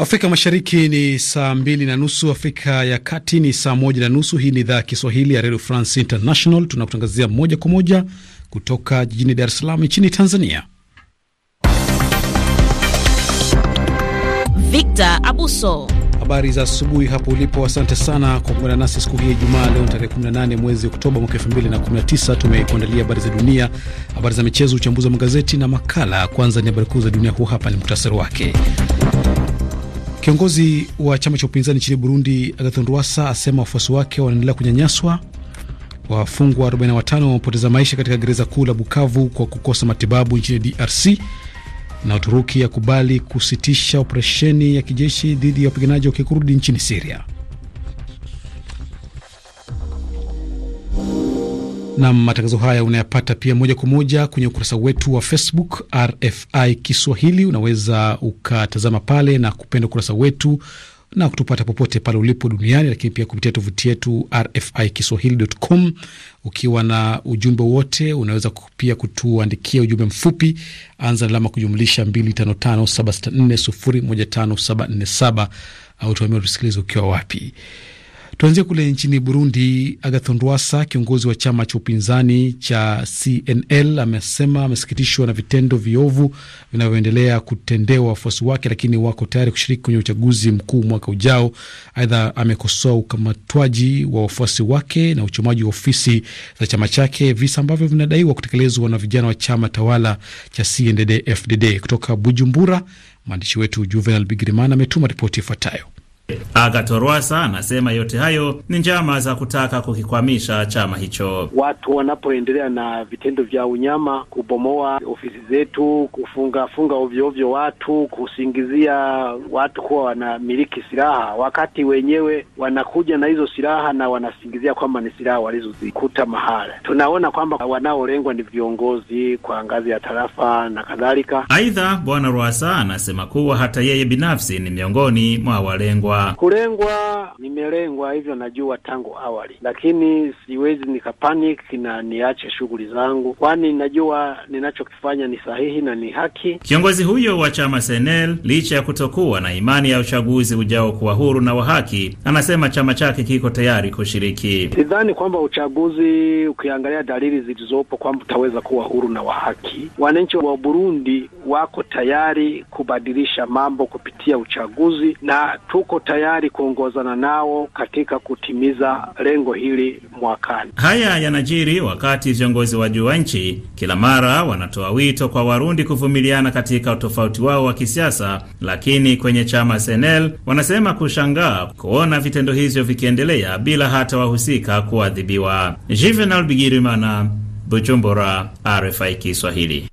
Afrika Mashariki ni saa mbili na nusu, Afrika ya Kati ni saa moja na nusu. Hii ni idhaa ya Kiswahili ya Redio France International, tunakutangazia moja kwa moja kutoka jijini Dar es Salaam nchini Tanzania. Victor Abuso, habari za asubuhi hapo ulipo. Asante sana kwa kuungana nasi siku hii ya Ijumaa. Leo ni tarehe 18 mwezi Oktoba mwaka 2019. Tumekuandalia habari za dunia, habari za michezo, uchambuzi wa magazeti na makala. Kwanza ni habari kuu za dunia, huu hapa ni muhtasari wake. Kiongozi wa chama cha upinzani nchini Burundi, Agathon Rwasa, asema wafuasi wake wanaendelea kunyanyaswa. Wafungwa 45 wamepoteza maisha katika gereza kuu la Bukavu kwa kukosa matibabu nchini DRC. Na Uturuki yakubali kusitisha operesheni ya kijeshi dhidi ya wapiganaji wa kikurdi nchini Siria. na matangazo haya unayapata pia moja kwa moja kwenye ukurasa wetu wa Facebook RFI Kiswahili. Unaweza ukatazama pale na kupenda ukurasa wetu na kutupata popote pale ulipo duniani, lakini pia kupitia tovuti yetu RFI Kiswahili.com. Ukiwa na ujumbe wote, unaweza pia kutuandikia ujumbe mfupi, anza alama kujumlisha 255764015747 au tuambie utusikilize ukiwa wapi. Tuanzie kule nchini Burundi. Agathon Rwasa, kiongozi wa chama cha upinzani cha CNL, amesema amesikitishwa na vitendo viovu vinavyoendelea kutendewa wafuasi wake, lakini wako tayari kushiriki kwenye uchaguzi mkuu mwaka ujao. Aidha, amekosoa ukamatwaji wa wafuasi wake na uchomaji wa ofisi za chama chake, visa ambavyo vinadaiwa kutekelezwa na vijana wa chama tawala cha CNDD-FDD. Kutoka Bujumbura, mwandishi wetu Juvenal Bigirimana ametuma ripoti ifuatayo agato Rwasa anasema yote hayo ni njama za kutaka kukikwamisha chama hicho. Watu wanapoendelea na vitendo vya unyama, kubomoa ofisi zetu, kufunga funga watu, kusingizia watu kuwa wanamiliki silaha, wakati wenyewe wanakuja na hizo silaha na wanasingizia kwamba ni silaha walizozikuta mahala. Tunaona kwamba wanaolengwa ni viongozi kwa ngazi ya tarafa na kadhalika. Aidha, Bwana Rwasa anasema kuwa hata yeye binafsi ni miongoni mwa walengwa. Kulengwa nimelengwa hivyo najua tangu awali, lakini siwezi nikapanic na niache shughuli zangu, kwani najua ninachokifanya ni sahihi na ni haki. Kiongozi huyo wa chama Senel, licha ya kutokuwa na imani ya uchaguzi ujao kuwa huru na wa haki, anasema chama chake kiko tayari kushiriki. Sidhani kwamba uchaguzi, ukiangalia dalili zilizopo, kwamba utaweza kuwa huru na wa haki. Wananchi wa Burundi wako tayari kubadilisha mambo kupitia uchaguzi na tuko tayari tayari kuongozana nao katika kutimiza lengo hili mwakani. Haya yanajiri wakati viongozi wa juu wa nchi kila mara wanatoa wito kwa Warundi kuvumiliana katika utofauti wao wa kisiasa, lakini kwenye chama CNL wanasema kushangaa kuona vitendo hivyo vikiendelea bila hata wahusika kuadhibiwa. Juvenal Bigirimana, Bujumbura, RFI Kiswahili.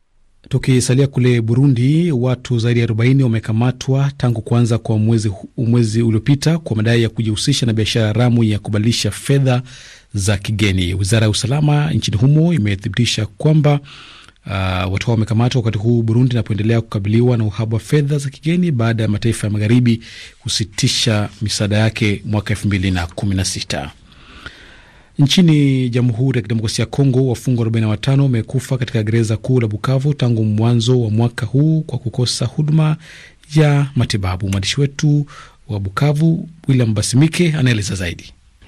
Tukisalia kule Burundi, watu zaidi ya 40 wamekamatwa tangu kuanza kwa mwezi, mwezi uliopita kwa madai ya kujihusisha na biashara haramu ya kubadilisha fedha za kigeni. Wizara ya usalama nchini humo imethibitisha kwamba uh, watu hao wamekamatwa wakati huu Burundi inapoendelea kukabiliwa na uhaba wa fedha za kigeni baada ya mataifa ya magharibi kusitisha misaada yake mwaka 2016. Nchini Jamhuri ya Kidemokrasia ya Kongo, wafungwa 45 wamekufa katika gereza kuu la Bukavu tangu mwanzo wa mwaka huu kwa kukosa huduma ya matibabu. Mwandishi wetu wa Bukavu William Basimike anaeleza zaidi.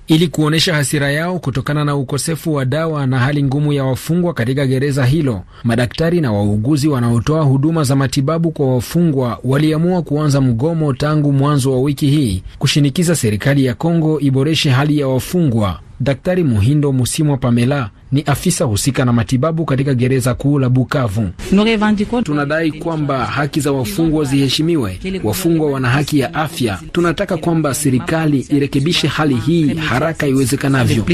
Ili kuonyesha hasira yao kutokana na ukosefu wa dawa na hali ngumu ya wafungwa katika gereza hilo, madaktari na wauguzi wanaotoa huduma za matibabu kwa wafungwa waliamua kuanza mgomo tangu mwanzo wa wiki hii kushinikiza serikali ya Kongo iboreshe hali ya wafungwa. Daktari Muhindo Musimwa Pamela ni afisa husika na matibabu katika gereza kuu la Bukavu. Tunadai kwamba haki za wafungwa ziheshimiwe. Wafungwa wana haki ya afya. Tunataka kwamba serikali irekebishe hali hii haraka iwezekanavyo.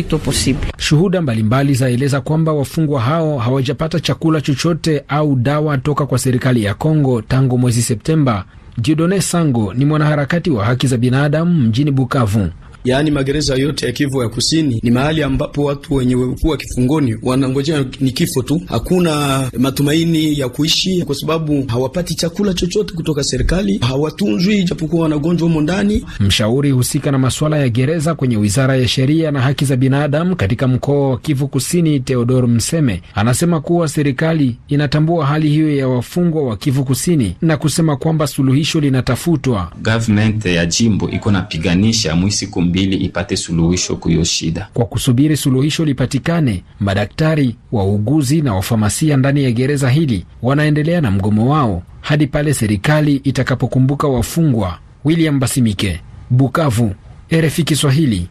Shuhuda mbalimbali zaeleza kwamba wafungwa hao hawajapata chakula chochote au dawa toka kwa serikali ya Kongo tangu mwezi Septemba. Jiodone Sango ni mwanaharakati wa haki za binadamu mjini Bukavu yaani magereza yote ya Kivu ya Kusini ni mahali ambapo watu wenye kuwa kifungoni wanangojea ni kifo tu, hakuna matumaini ya kuishi kwa sababu hawapati chakula chochote kutoka serikali, hawatunzwi ijapokuwa wanagonjwa humo ndani. Mshauri husika na masuala ya gereza kwenye wizara ya sheria na haki za binadamu katika mkoa wa Kivu Kusini, Theodor Mseme, anasema kuwa serikali inatambua hali hiyo ya wafungwa wa Kivu Kusini na kusema kwamba suluhisho linatafutwa. Gavumenti ya jimbo iko napiganisha mwisiku mbili ipate suluhisho kuyo shida. Kwa kusubiri suluhisho lipatikane, madaktari, wauguzi na wafamasia ndani ya gereza hili wanaendelea na mgomo wao hadi pale serikali itakapokumbuka wafungwa. William Basimike, Bukavu, RFI Kiswahili.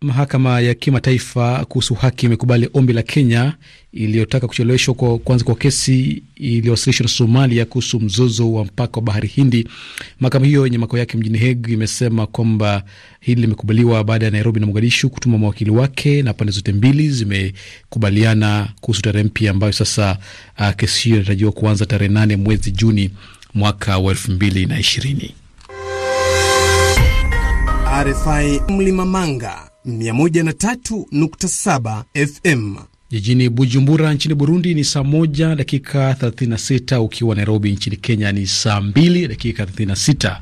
Mahakama ya kimataifa kuhusu haki imekubali ombi la Kenya iliyotaka kucheleweshwa kwa kwanza kwa kesi iliyowasilishwa na Somalia kuhusu mzozo wa mpaka wa bahari Hindi. Mahakama hiyo yenye makao yake mjini Hague imesema kwamba hili limekubaliwa baada ya Nairobi na Mogadishu kutuma mawakili wake na pande zote mbili zimekubaliana kuhusu tarehe mpya ambayo sasa uh, kesi hiyo inatarajiwa kuanza tarehe nane mwezi Juni mwaka wa elfu mbili na ishirini. RFI 103.7 FM. Jijini Bujumbura nchini Burundi ni saa moja dakika 36, ukiwa Nairobi nchini Kenya ni saa 2 dakika 36.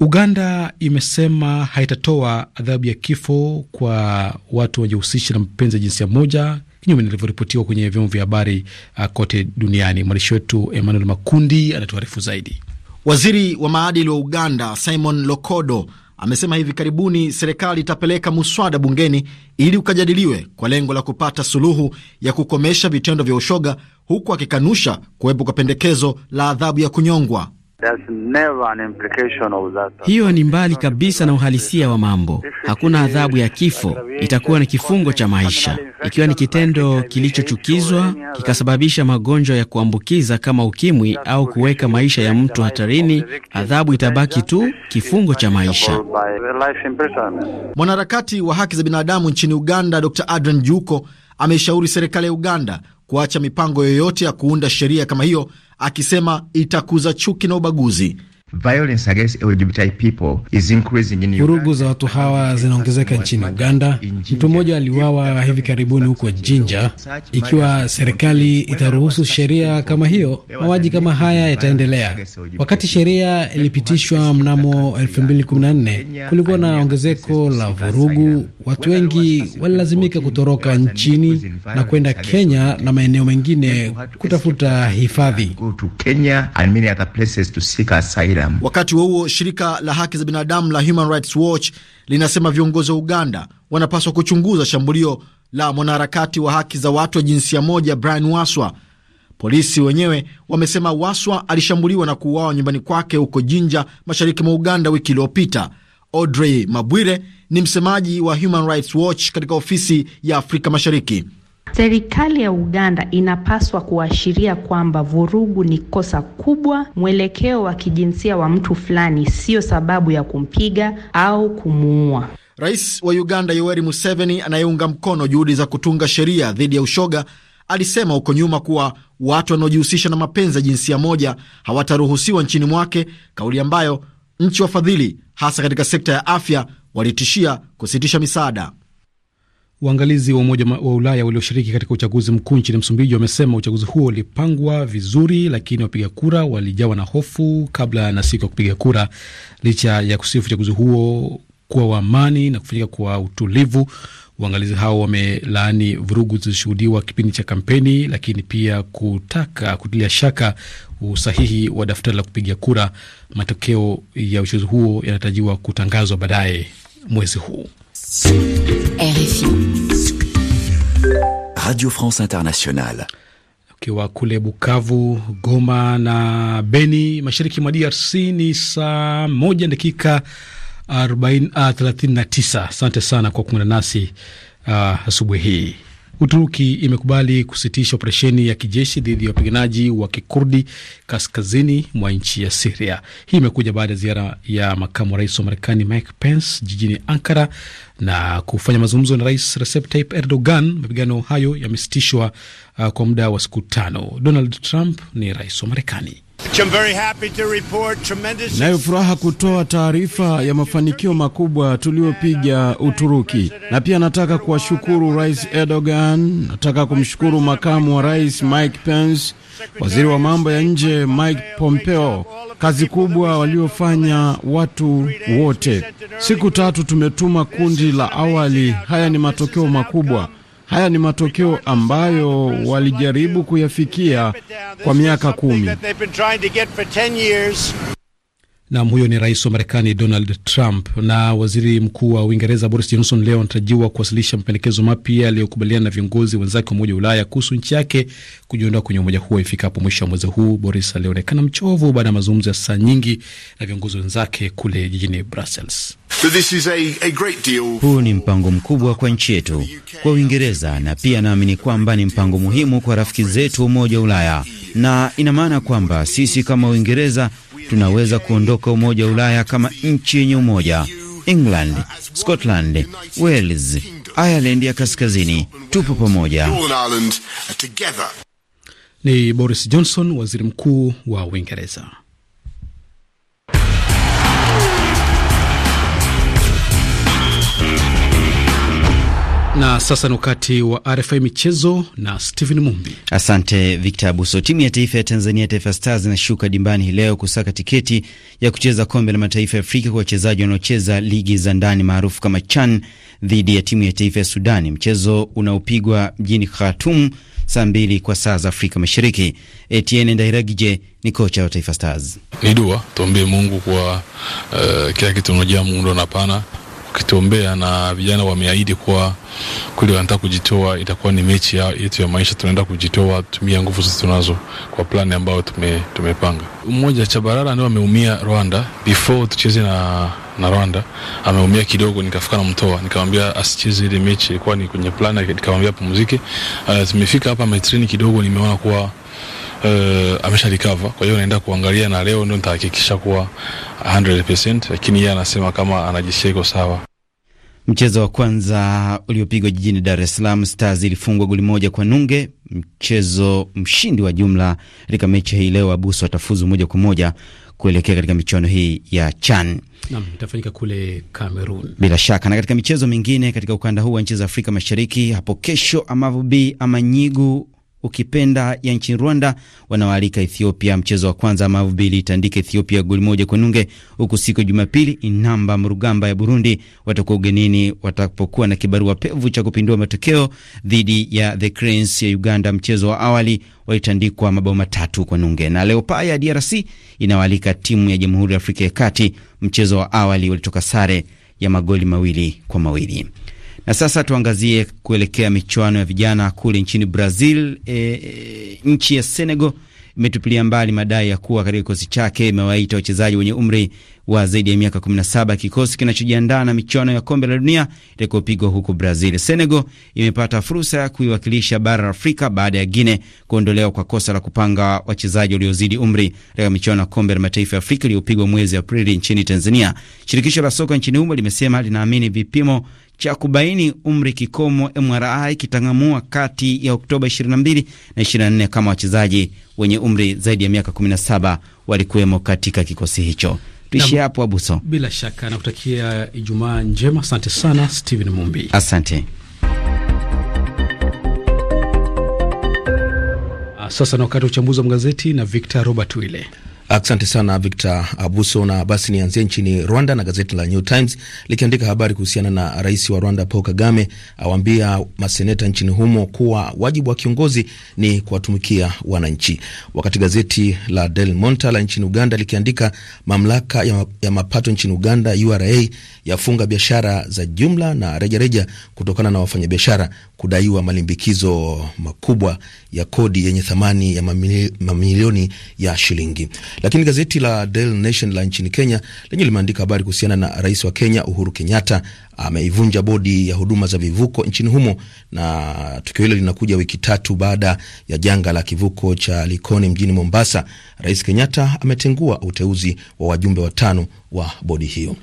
Uganda imesema haitatoa adhabu ya kifo kwa watu wanaojihusisha na mapenzi ya jinsia moja, kinyume nilivyoripotiwa kwenye vyombo vya habari uh, kote duniani. Mwandishi wetu Emmanuel Makundi anatuarifu zaidi. Waziri wa maadili wa Uganda Simon Lokodo amesema hivi karibuni serikali itapeleka muswada bungeni ili ukajadiliwe kwa lengo la kupata suluhu ya kukomesha vitendo vya ushoga, huku akikanusha kuwepo kwa pendekezo la adhabu ya kunyongwa. Hiyo ni mbali kabisa na uhalisia wa mambo. Hakuna adhabu ya kifo, itakuwa ni kifungo cha maisha ikiwa ni kitendo kilichochukizwa kikasababisha magonjwa ya kuambukiza kama ukimwi au kuweka maisha ya mtu hatarini. Adhabu itabaki tu kifungo cha maisha. Mwanaharakati wa haki za binadamu nchini Uganda, Dr Adrian Juko, ameshauri serikali ya Uganda kuacha mipango yoyote ya kuunda sheria kama hiyo akisema itakuza chuki na ubaguzi Violence against people is increasing in Uganda. Vurugu za watu hawa zinaongezeka nchini Uganda. Mtu mmoja aliuawa hivi karibuni huko Jinja. Ikiwa serikali itaruhusu sheria kama hiyo, mauaji kama haya yataendelea. Wakati sheria ilipitishwa mnamo 2014 kulikuwa na ongezeko la vurugu. Watu wengi walilazimika kutoroka nchini na kwenda Kenya na maeneo mengine kutafuta hifadhi binadamu. Wakati huo huo, shirika la haki za binadamu la Human Rights Watch linasema viongozi wa Uganda wanapaswa kuchunguza shambulio la mwanaharakati wa haki za watu wa jinsia moja Brian Waswa. Polisi wenyewe wamesema Waswa alishambuliwa na kuuawa nyumbani kwake huko Jinja, mashariki mwa Uganda wiki iliyopita. Audrey Mabwire ni msemaji wa Human Rights Watch katika ofisi ya Afrika Mashariki. Serikali ya Uganda inapaswa kuashiria kwamba vurugu ni kosa kubwa. Mwelekeo wa kijinsia wa mtu fulani siyo sababu ya kumpiga au kumuua. Rais wa Uganda Yoweri Museveni anayeunga mkono juhudi za kutunga sheria dhidi ya ushoga alisema huko nyuma kuwa watu wanaojihusisha na mapenzi ya jinsia moja hawataruhusiwa nchini mwake, kauli ambayo nchi wafadhili hasa katika sekta ya afya walitishia kusitisha misaada. Waangalizi wa Umoja wa Ulaya walioshiriki katika uchaguzi mkuu nchini Msumbiji wamesema uchaguzi huo ulipangwa vizuri, lakini wapiga kura walijawa na hofu kabla na siku ya kupiga kura, licha ya kusifu uchaguzi huo kuwa wa amani na kufanyika kwa utulivu. Waangalizi hao wamelaani vurugu zilizoshuhudiwa kipindi cha kampeni, lakini pia kutaka kutilia shaka usahihi wa daftari la kupiga kura. Matokeo ya uchaguzi huo yanatarajiwa kutangazwa baadaye mwezi huu. RFI. Radio France Internationale. Ukiwa kule Bukavu, Goma na Beni, mashariki mwa DRC ni saa moja dakika 39. Ah, Asante sana kwa kuungana nasi uh, asubuhi hii. Uturuki imekubali kusitisha operesheni ya kijeshi dhidi ya wapiganaji wa kikurdi kaskazini mwa nchi ya Siria. Hii imekuja baada ya ziara ya makamu wa rais wa Marekani Mike Pence jijini Ankara na kufanya mazungumzo na rais Recep Tayyip Erdogan. Mapigano hayo yamesitishwa uh, kwa muda wa siku tano. Donald Trump ni rais wa Marekani. Nayo furaha kutoa taarifa ya mafanikio makubwa tuliyopiga Uturuki, na pia nataka kuwashukuru Rais Erdogan, nataka kumshukuru makamu wa rais Mike Pence, waziri wa mambo ya nje Mike Pompeo, kazi kubwa waliofanya watu wote. Siku tatu tumetuma kundi la awali. Haya ni matokeo makubwa. Haya ni matokeo ambayo walijaribu kuyafikia kwa miaka kumi. Nam, huyo ni rais wa Marekani Donald Trump. Na waziri mkuu wa Uingereza Boris Johnson leo anatarajiwa kuwasilisha mapendekezo mapya yaliyokubaliana na viongozi wenzake wa Umoja wa Ulaya kuhusu nchi yake kujiondoa kwenye umoja huo ifikapo mwisho wa mwezi huu. Boris alionekana mchovu baada ya mazungumzo ya saa nyingi na viongozi wenzake kule jijini Brussels. So this is a, a great deal. Huu ni mpango mkubwa kwa nchi yetu, kwa Uingereza, na pia naamini kwamba ni mpango muhimu kwa rafiki zetu wa Umoja wa Ulaya, na ina maana kwamba sisi kama Uingereza tunaweza kuondoka Umoja wa Ulaya kama nchi yenye umoja. England, Scotland, Wales, Ireland ya Kaskazini, tupo pamoja. Ni Boris Johnson, waziri mkuu wa Uingereza. Na sasa ni wakati wa RFI michezo na Steven Mumbi. Asante Victor Abuso. Timu ya taifa ya Tanzania, Taifa Stars, inashuka dimbani hii leo kusaka tiketi ya kucheza kombe la mataifa ya Afrika kwa wachezaji wanaocheza ligi za ndani maarufu kama CHAN dhidi ya timu ya taifa ya Sudani, mchezo unaopigwa mjini Khartoum saa mbili kwa saa za Afrika Mashariki. Etienne Ndairagije ni kocha wa Taifa Stars. Ni dua tuombee Mungu kwa uh, kila kitu, unajua Mungu ndo anapana tukitombea na vijana wameahidi kuwa kule wanataka kujitoa, itakuwa ni mechi ya, yetu ya maisha, tunaenda kujitoa, tumia nguvu sisi tunazo kwa plani ambayo tume, tumepanga. Mmoja Chabarara ndio ameumia Rwanda before tucheze na na Rwanda ameumia kidogo, nikafika namtoa, nikamwambia asicheze ile mechi, ilikuwa ni kwenye plani, nikamwambia pumzike. Uh, tumefika hapa metreni kidogo, nimeona kuwa uh, recover. Kwa hiyo naenda kuangalia na leo ndio nitahakikisha kuwa 100%, lakini yeye anasema kama anajisikia iko sawa. Mchezo wa kwanza uliopigwa jijini Dar es Salaam, Stars ilifungwa goli moja kwa nunge. Mchezo mshindi wa jumla katika mechi hii leo, Abuso atafuzu moja kwa moja kuelekea katika michuano hii ya CHAN nam itafanyika kule Cameroon bila shaka. Na katika michezo mingine katika ukanda huu wa nchi za Afrika Mashariki, hapo kesho Amavubi nyigu ukipenda ya nchini Rwanda wanawaalika Ethiopia. Mchezo wa kwanza bili itandika Ethiopia goli moja kwa nunge, huku siku ya Jumapili Inamba Mrugamba ya Burundi watakuwa ugenini watapokuwa na kibarua pevu cha kupindua matokeo dhidi ya The Cranes ya Uganda. Mchezo wa awali walitandikwa mabao matatu kwa nunge. Na Leopa ya DRC inawaalika timu ya Jamhuri ya Afrika ya Kati. Mchezo wa awali walitoka sare ya magoli mawili kwa mawili. Na sasa tuangazie kuelekea michuano ya vijana kule nchini Brazil. E, e, nchi ya Senegal imetupilia mbali madai ya kuwa katika kikosi chake imewaita wachezaji wenye umri wa zaidi ya miaka 17 kikosi kinachojiandaa na michuano ya kombe la dunia itakayopigwa huko Brazil. Senegal imepata fursa ya kuiwakilisha bara la Afrika baada ya Guine kuondolewa kwa kosa la kupanga wachezaji waliozidi umri katika michuano ya kombe la mataifa ya Afrika iliyopigwa mwezi Aprili nchini Tanzania. Shirikisho la soka nchini humo limesema linaamini vipimo cha kubaini umri kikomo MRI kitang'amua kati ya Oktoba 22 na 24 kama wachezaji wenye umri zaidi ya miaka 17 walikuwemo katika kikosi hicho. Tuishie hapo Abuso. Bila shaka nakutakia Ijumaa njema. Asante sana Steven Mumbi. Asante. Ah, sasa na wakati wa uchambuzi wa magazeti na Victor Robert Wile. Asante sana Victor Abuso. Na basi nianzie nchini Rwanda na gazeti la New Times likiandika habari kuhusiana na rais wa Rwanda Paul Kagame awaambia maseneta nchini humo kuwa wajibu wa kiongozi ni kuwatumikia wananchi, wakati gazeti la Del Monta la nchini Uganda likiandika mamlaka ya mapato nchini Uganda URA yafunga biashara za jumla na rejareja reja kutokana na wafanyabiashara kudaiwa malimbikizo makubwa ya kodi yenye thamani ya mamilioni ya shilingi. Lakini gazeti la Daily Nation la nchini Kenya lenye limeandika habari kuhusiana na rais wa Kenya Uhuru Kenyatta ameivunja bodi ya huduma za vivuko nchini humo, na tukio hilo linakuja wiki tatu baada ya janga la kivuko cha Likoni mjini Mombasa. Rais Kenyatta ametengua uteuzi wa wajumbe watano wa bodi hiyo.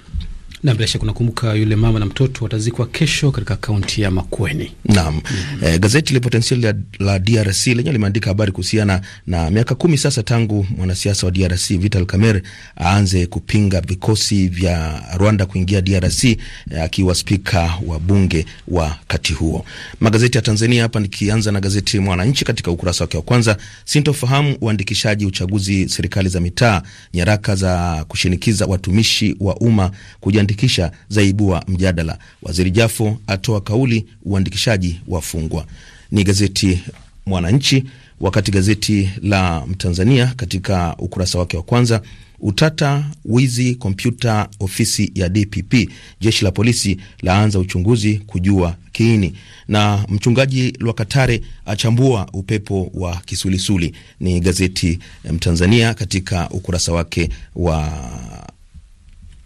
Na bila shaka unakumbuka yule mama na mtoto watazikwa kesho katika kaunti ya Makueni. Naam. Mm -hmm. Eh, gazeti Le Potentiel la, la DRC lenye limeandika habari kuhusiana na miaka kumi sasa tangu mwanasiasa wa DRC Vital Kamerhe aanze kupinga vikosi vya Rwanda kuingia DRC eh, akiwa eh, spika wa bunge wakati huo. Magazeti ya Tanzania hapa nikianza na gazeti Mwananchi katika ukurasa wake wa kwanza, sintofahamu uandikishaji uchaguzi serikali za mitaa, nyaraka za kushinikiza watumishi wa umma kujiandikisha kujiandikisha zaibua mjadala. Waziri Jafo atoa kauli uandikishaji wafungwa. Ni gazeti Mwananchi. Wakati gazeti la Mtanzania katika ukurasa wake wa kwanza Utata wizi kompyuta ofisi ya DPP, jeshi la polisi laanza uchunguzi kujua kiini, na mchungaji Lwakatare achambua upepo wa kisulisuli. Ni gazeti Mtanzania katika ukurasa wake wa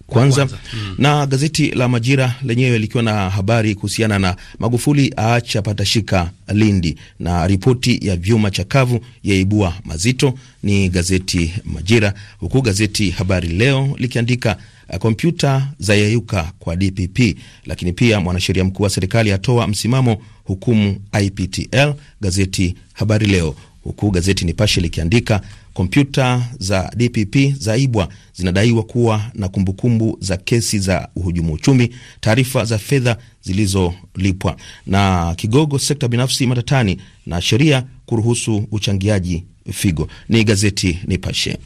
kwanza, kwanza. Mm. Na gazeti la Majira lenyewe likiwa na habari kuhusiana na Magufuli aacha patashika Lindi na ripoti ya vyuma chakavu yaibua mazito, ni gazeti Majira, huku gazeti Habari Leo likiandika kompyuta za yayuka kwa DPP, lakini pia mwanasheria mkuu wa serikali atoa msimamo hukumu IPTL, gazeti Habari Leo, huku gazeti Nipashe likiandika Kompyuta za DPP zaibwa, zinadaiwa kuwa na kumbukumbu za kesi za uhujumu uchumi, taarifa za fedha zilizolipwa, na kigogo sekta binafsi matatani na sheria kuruhusu uchangiaji figo. Ni gazeti Nipashe.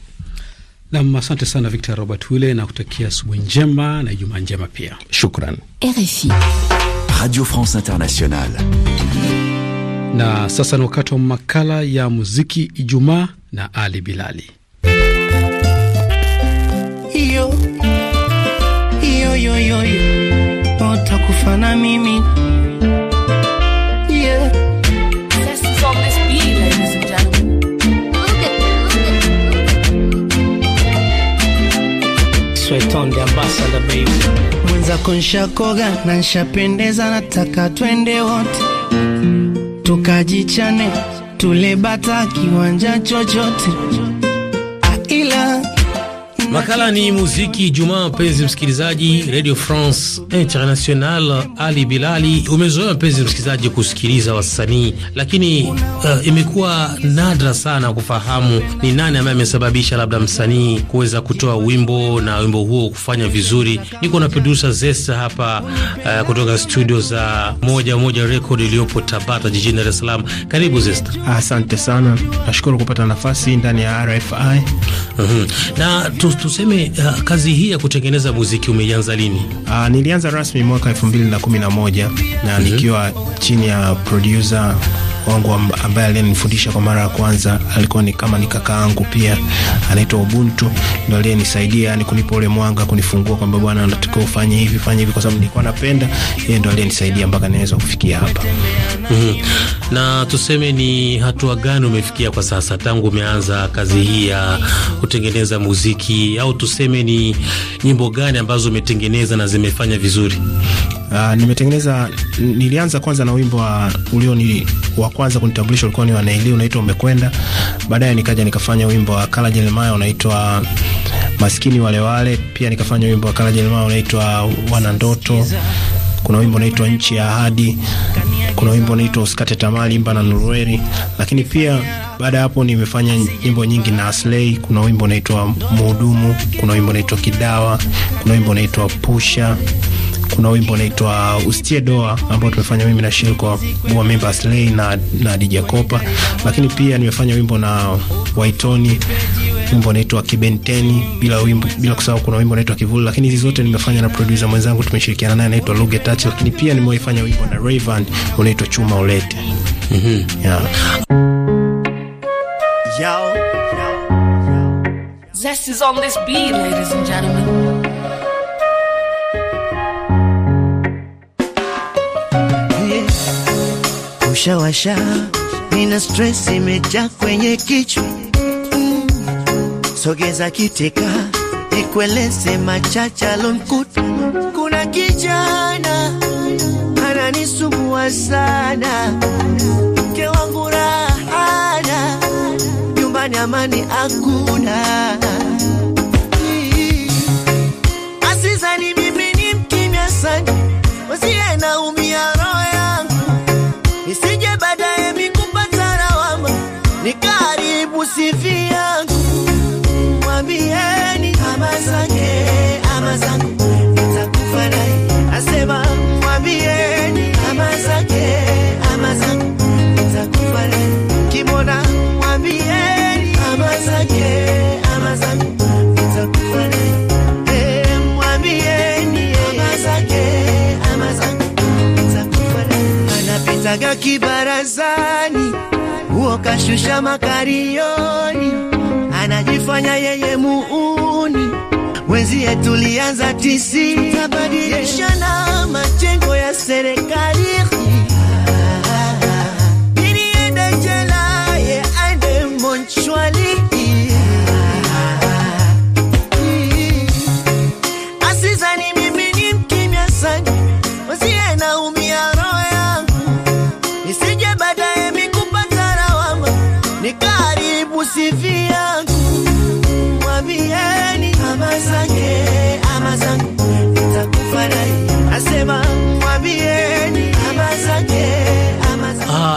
Nam, asante sana Victor Robert Wile na kutakia asubuhi njema na Ijumaa njema pia. Shukran. RFI. Radio France Internationale. Na sasa ni wakati wa makala ya muziki Ijumaa na Ali Bilali. Iyo, iyo, iyo, iyo, utakufa na mimi mwenzako nshakoga na nshapendeza, nataka twende wote tukajichane tulebata kiwanja chochote Makala ni muziki Jumaa. Mpenzi msikilizaji, Radio France International, Ali Bilali, umezoea mpenzi msikilizaji kusikiliza wasanii, lakini uh, imekuwa nadra sana kufahamu ni nani ambaye amesababisha labda msanii kuweza kutoa wimbo na wimbo huo kufanya vizuri. Niko na producer Zesta hapa uh, kutoka studio za moja moja record iliyopo Tabata jijini Dar es Salaam. Karibu Zesta. Asante sana, nashukuru kupata nafasi ndani ya RFI. Uh mhm. -huh. na tuseme uh, kazi hii ya kutengeneza muziki umeianza lini? Uh, nilianza rasmi mwaka 2011 na, na mm -hmm. nikiwa chini ya producer wangu ambaye aliyenifundisha kwa mara ya kwanza alikuwa ni kama ni kaka yangu pia, anaitwa Ubuntu, ndo aliyenisaidia yani kunipa ule mwanga, kunifungua kwamba bwana, unatakiwa ufanye hivi, fanye hivi, kwa sababu nilikuwa napenda. Yeye ndo aliyenisaidia mpaka niweza kufikia hapa. Mm -hmm. Na tuseme ni hatua gani umefikia kwa sasa tangu umeanza kazi hii ya kutengeneza muziki, au tuseme ni nyimbo gani ambazo umetengeneza na zimefanya vizuri? Uh, nimetengeneza, nilianza kwanza na wimbo wa ulio ni wa kwanza kunitambulisha ulikuwa ni wanaili unaitwa umekwenda. Baadaye nikaja nikafanya wimbo wa Kala Jeremiah unaitwa Maskini wale wale, pia nikafanya wimbo wa Kala Jeremiah unaitwa Wana Ndoto. Kuna wimbo unaitwa Nchi ya Ahadi, kuna wimbo unaitwa Usikate Tamaa, Limba na nurueri Lakini pia baada ya hapo nimefanya nyimbo nyingi na aslei Kuna wimbo unaitwa Muhudumu, kuna wimbo unaitwa Kidawa, kuna wimbo unaitwa Pusha kuna wimbo unaitwa Ustie Doa ambao tumefanya mimi na kwa Bua Mimba Slay na, na DJ Kopa, lakini pia nimefanya wimbo na Waitoni wimbo unaitwa Kibenteni bila wimbo, bila kusahau kuna wimbo unaitwa Kivuli, lakini hizi zote nimefanya na producer mwenzangu tumeshirikiana naye anaitwa Luge Touch, lakini pia nimewaifanya wimbo na Rayvan unaitwa Chuma Ulete. mm -hmm. yeah. Yo, yo, yo, yo. kushawasha, nina stress imejaa kwenye kichwa mm. Sogeza kiteka ikwelese machache alonkuta. Kuna kijana ananisumbua sana, mke wangu rahana, nyumbani amani hakuna mm. Asizani mimi ni mkimya sana, wasie naumia isije baadaye mikupata lawama, nikaribu sifi yangu mwambie Keki barazani, huo kashusha makarioni, anajifanya yeye muuni, wenzie tulianza tisi, tabadilisha na majengo ya serikali ini ende jela ye aende monchwali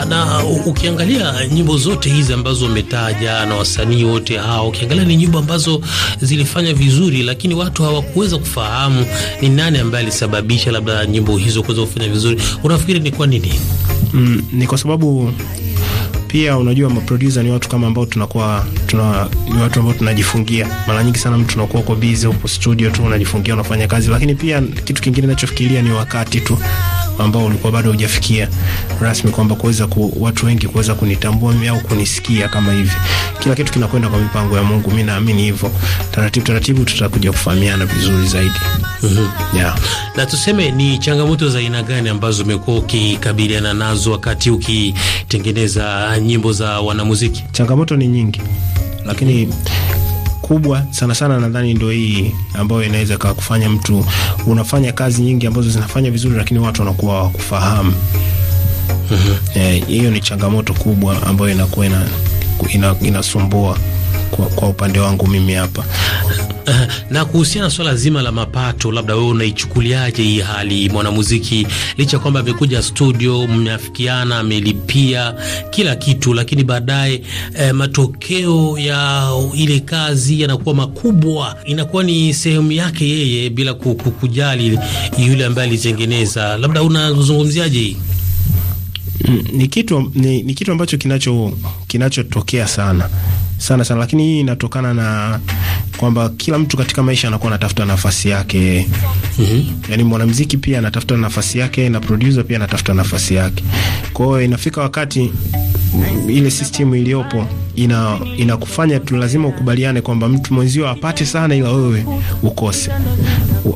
na ukiangalia nyimbo zote hizi ambazo umetaja na wasanii wote hao, ukiangalia ni nyimbo ambazo zilifanya vizuri, lakini watu hawakuweza kufahamu ni nani ambaye alisababisha labda nyimbo hizo kuweza kufanya vizuri. Unafikiri ni kwa nini? Mm, ni kwa sababu pia unajua maproducer ni watu kama ambao tunakuwa tuna ni watu ambao tunajifungia mara nyingi sana, mtu unakuwa uko busy huko studio tu unajifungia unafanya kazi, lakini pia kitu kingine ninachofikiria ni wakati tu ambao ulikuwa bado hujafikia rasmi kwamba kuweza ku, watu wengi kuweza kunitambua mimi au kunisikia kama hivi. Kila kitu kinakwenda kwa mipango ya Mungu, mimi naamini hivyo. Taratibu taratibu tutakuja kufahamiana vizuri zaidi. Mm -hmm. Yeah. Na tuseme ni changamoto za aina gani ambazo umekuwa ukikabiliana nazo wakati ukitengeneza nyimbo za wanamuziki? Changamoto ni nyingi, lakini kubwa sana sana nadhani ndio hii ambayo inaweza kufanya mtu unafanya kazi nyingi ambazo zinafanya vizuri, lakini watu wanakuwa wakufahamu. mm -hmm. Eh, hiyo ni changamoto kubwa ambayo inakuwa ina, ina, inasumbua kwa, kwa upande wangu mimi hapa Eh, na kuhusiana na swala zima la mapato, labda wewe unaichukuliaje hii hali mwanamuziki, licha kwamba amekuja studio, mmeafikiana, amelipia kila kitu, lakini baadaye eh, matokeo ya ile kazi yanakuwa makubwa, inakuwa ni sehemu yake yeye bila kukujali yule ambaye alitengeneza. Labda unazungumziaje hii? Mm, ni kitu, ni, ni kitu ambacho kinacho kinachotokea sana sana sana, lakini hii inatokana na kwamba kila mtu katika maisha anakuwa anatafuta nafasi yake. mm -hmm. Yani mwanamuziki pia anatafuta nafasi yake na producer pia anatafuta nafasi yake. Kwa hiyo inafika wakati ile system iliyopo ina inakufanya tu lazima ukubaliane kwamba mtu mwenzio apate sana, ila wewe ukose,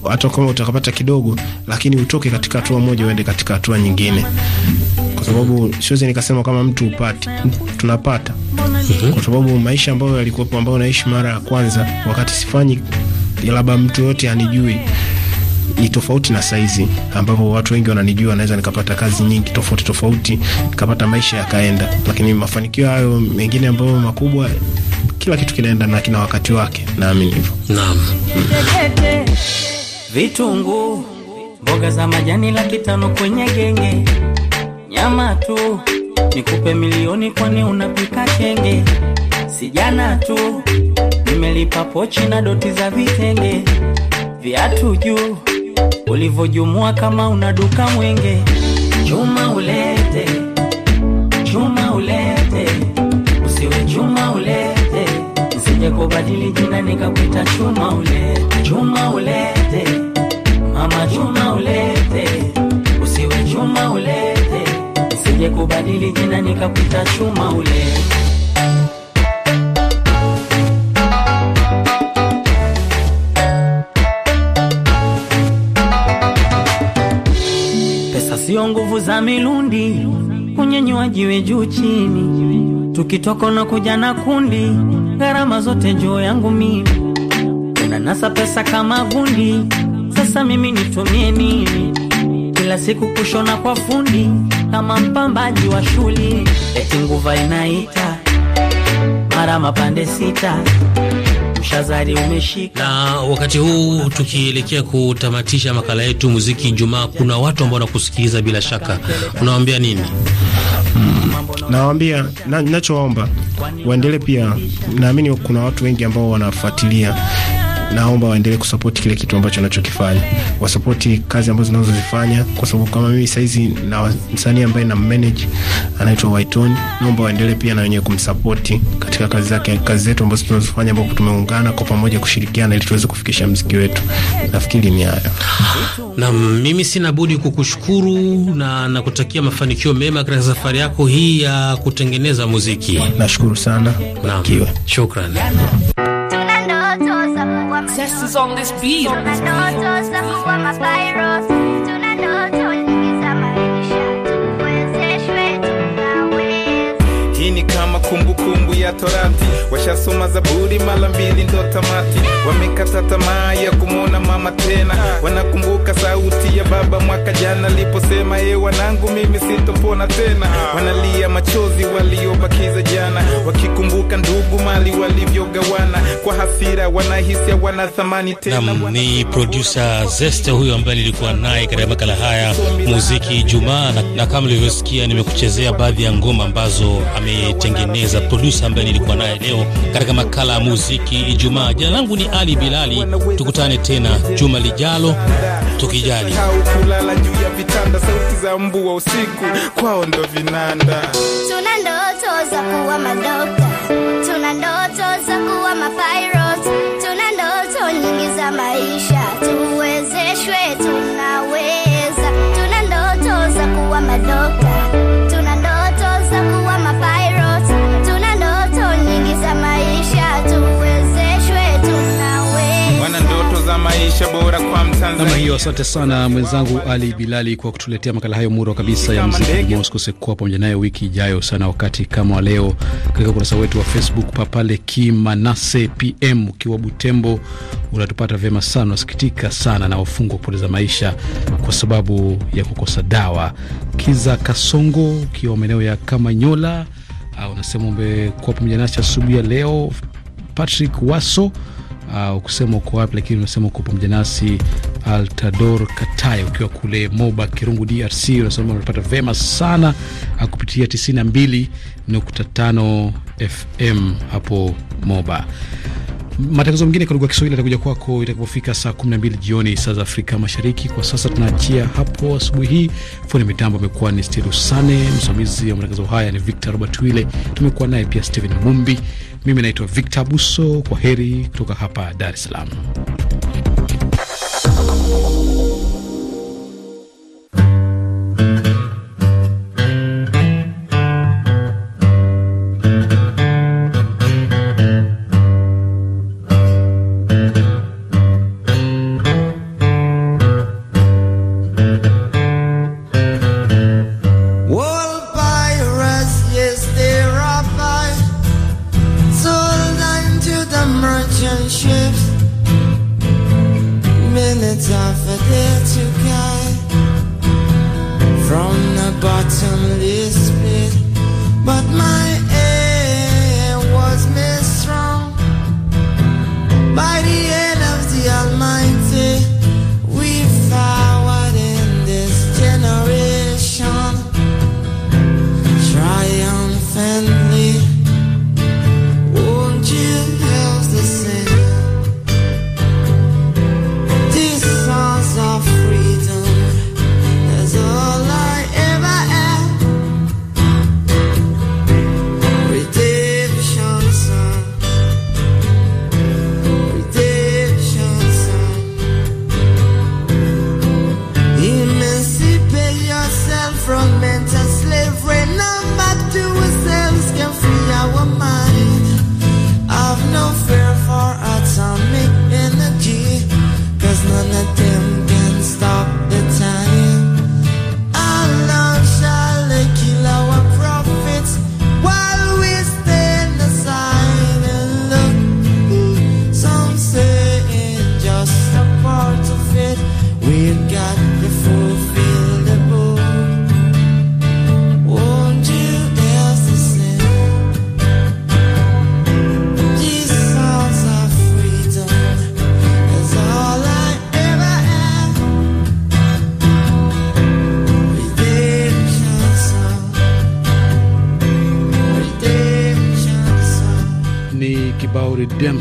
hata kama utakapata kidogo, lakini utoke katika hatua moja uende katika hatua nyingine, kwa sababu siwezi nikasema kama mtu upati tunapata Mhm. kwa sababu maisha ambayo yalikuwepo, ambayo naishi mara ya kwanza, wakati sifanyi, labda mtu yote anijui ni tofauti na saizi ambapo watu wengi wananijua, naweza nikapata kazi nyingi tofauti tofauti, nikapata maisha yakaenda. Lakini mafanikio hayo mengine ambayo makubwa, kila kitu kinaenda na kina wakati wake, naamini hivyo. Naam, vitungu mboga za majani, laki tano kwenye genge, nyama tu nikupe milioni, kwani unapika kenge? Sijana tu nimelipa pochi na doti za vitenge, viatu juu ulivyojumua kama una duka mwenge. Chuma ulete, chuma ulete, usiwe chuma ulete, nsije kubadili jina nikakuita chuma ulete, chuma ulete, mama chuma ulete nije kubadili jina nikakuita chuma ule pesa sio nguvu za milundi kunyenywa jiwe juu chini tukitoko na kuja na kundi gharama zote njoo yangu mimi unanasa pesa kama gundi sasa mimi nitumie nini kila siku kushona kwa fundi kama mpambaji wa shuli, eti nguva inaita mara mapande sita na wakati huu tukielekea kutamatisha makala yetu muziki Ijumaa, kuna watu ambao wanakusikiliza bila shaka, unawaambia nini? Mm, nawaambia ninachowaomba waendelee pia, naamini kuna watu wengi ambao wanafuatilia naomba waendelee kusapoti kile kitu ambacho anachokifanya, wasapoti kazi ambazo nazozifanya, kwa sababu kama mimi sahizi na msanii ambaye na manage anaitwa Whitoni, naomba waendelee pia na wenyewe kumsapoti katika kazi zake, kazi zetu ambazo tunazofanya, ambapo tumeungana kwa pamoja kushirikiana ili tuweze kufikisha mziki wetu. Nafikiri ni hayo, na mimi sina budi kukushukuru na nakutakia mafanikio mema katika safari yako hii ya kutengeneza muziki. Nashukuru sana, kiwe shukran. contestants on this beat. kumbukumbu ya Torati, washasoma Zaburi mara mbili ndo tamati. Wamekata tamaa ya kumwona mama tena, wanakumbuka sauti ya baba mwaka jana aliposema, e wanangu, mimi sitopona tena. Wanalia machozi waliobakiza jana, wakikumbuka ndugu, mali walivyogawana kwa hasira, wanahisia wana thamani tena. Nam producer Zeste huyo ambaye nilikuwa naye katika makala haya muziki jumaa na, na kama ulivyosikia nimekuchezea baadhi ya ngoma ambazo ametengeneza kumeza produsa ambaye nilikuwa naye leo katika makala ya muziki Ijumaa. Jina langu ni Ali Bilali, tukutane tena juma lijalo tukijali. Kulala juu ya vitanda, sauti za mbua usiku kwao ndo vinanda. Tuna ndoto za kuwa madokta, tuna ndoto za kuwa mapirate Asante sana mwenzangu Ali Bilali kwa kutuletea makala hayo murwa kabisa ya muziki. Usikose kuwa pamoja nayo wiki ijayo sana wakati kama wa leo katika ukurasa wetu wa Facebook papale Kimanase PM ukiwa Butembo, unatupata vyema sana. Unasikitika sana na wafungwa kupoteza maisha kwa sababu ya kukosa dawa. Kiza Kasongo ukiwa maeneo ya Kamanyola, unasema umekuwa pamoja nasi asubuhi ya leo. Patrick Waso Ah, ukusema uko wapi, lakini unasema uko pamoja nasi. Altador Kataya ukiwa kule Moba Kirungu, DRC, unasema unapata vema sana ah, kupitia 105.5 FM hapo Moba. Matangazo mengine kwa lugha ya Kiswahili yatakuja kwako itakapofika saa 12 jioni saa za Afrika Mashariki. Kwa sasa tunaachia hapo asubuhi hii. Fundi mitambo amekuwa ni Stirusane, msimamizi wa matangazo haya ni Victor Robert Wile, tumekuwa naye pia Stephen Mumbi. Mimi naitwa Victor Buso. Kwa heri kutoka hapa Dar es Salaam.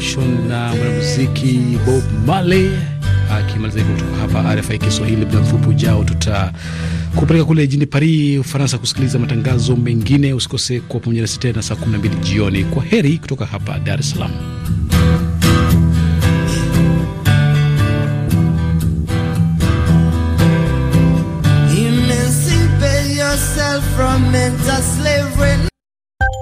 Nation na mwanamuziki Bob Marley akimaliza hivyo kutoka hapa RFI Kiswahili. Muda mfupi ujao tutakupeleka kule jijini Paris, Ufaransa, kusikiliza matangazo mengine. Usikose kuwa pamoja nasi tena saa 12 jioni. Kwa heri kutoka hapa Dar es Salaam.